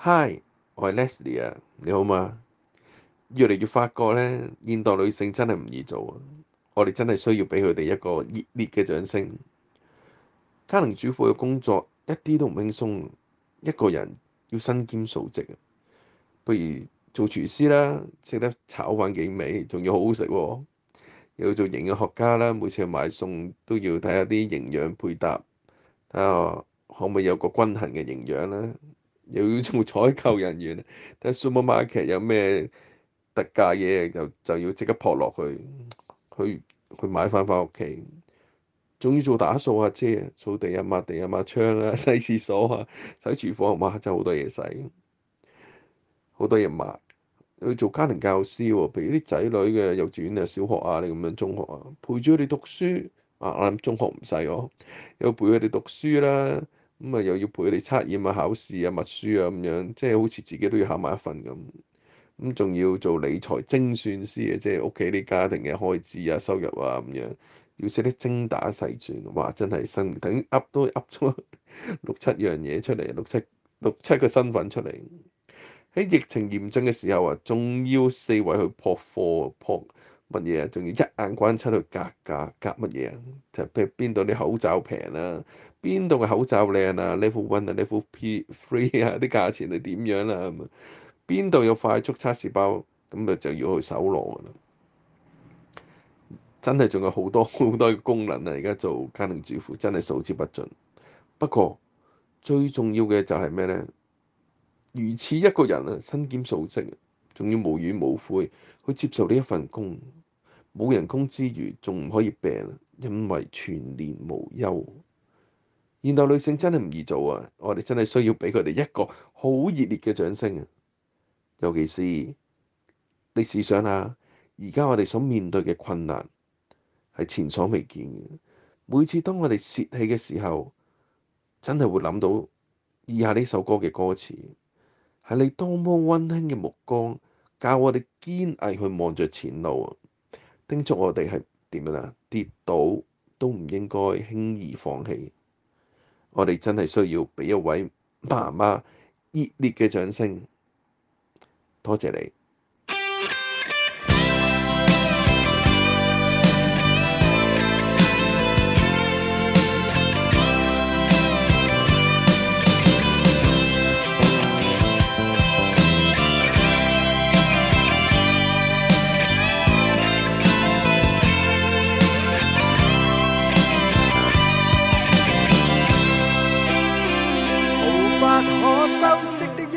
Hi，我係 Leslie 啊，你好嘛？越嚟越發覺咧，現代女性真係唔易做啊！我哋真係需要俾佢哋一個熱烈嘅掌聲。家庭主婦嘅工作一啲都唔輕鬆，一個人要身兼數職。不如做廚師啦，識得炒飯幾味，仲要好好食喎。又要做營養學家啦，每次去買餸都要睇下啲營養配搭，睇下可唔可以有個均衡嘅營養咧？又要做採購人員，睇 supermarket 有咩特價嘢，就就要即刻撲落去，去去買翻返屋企。仲要做打掃下，即係掃地啊、抹地啊、抹窗啊、洗廁所啊、洗廚房啊，哇，真係好多嘢洗，好多嘢抹。要做家庭教師，譬如啲仔女嘅幼稚園啊、小學啊你咁樣，中學啊，陪住佢哋讀書啊。我諗中學唔使喎，又陪佢哋讀書啦。咁啊，又要陪佢哋測驗啊、考試啊、默書啊咁樣，即係好似自己都要考埋一份咁。咁仲要做理財精算師嘅，即係屋企啲家庭嘅開支啊、收入啊咁樣，要識啲精打細算。哇！真係新，等噏都噏出六七樣嘢出嚟，六七六七個身份出嚟。喺疫情嚴峻嘅時候啊，仲要四圍去撲貨撲。乜嘢啊？仲要一眼關七去格價格乜嘢啊？就譬如邊度啲口罩平啦，邊度嘅口罩靚啦，Level one 啊，Level three 啊，啲、啊、價錢係點樣啦咁啊？邊度有快速測試包咁啊？就要去搜羅啦。 真係仲有好多好多嘅功能啊！而家做家庭主婦真係數之不盡。不過最重要嘅就係咩咧？如此一個人啊，身兼數職仲要無怨無悔去接受呢一份工，冇人工之餘，仲唔可以病，因為全年無休。現代女性真係唔易做啊！我哋真係需要俾佢哋一個好熱烈嘅掌聲啊！尤其是你試想下，而家我哋所面對嘅困難係前所未見嘅。每次當我哋泄氣嘅時候，真係會諗到以下呢首歌嘅歌詞：係你多麼溫馨嘅目光。教我哋堅毅去望着前路，叮囑我哋係點樣咧？跌倒都唔應該輕易放棄。我哋真係需要畀一位爸媽熱烈嘅掌聲，多謝你。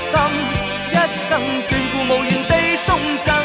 一生眷顧，無言地送贈。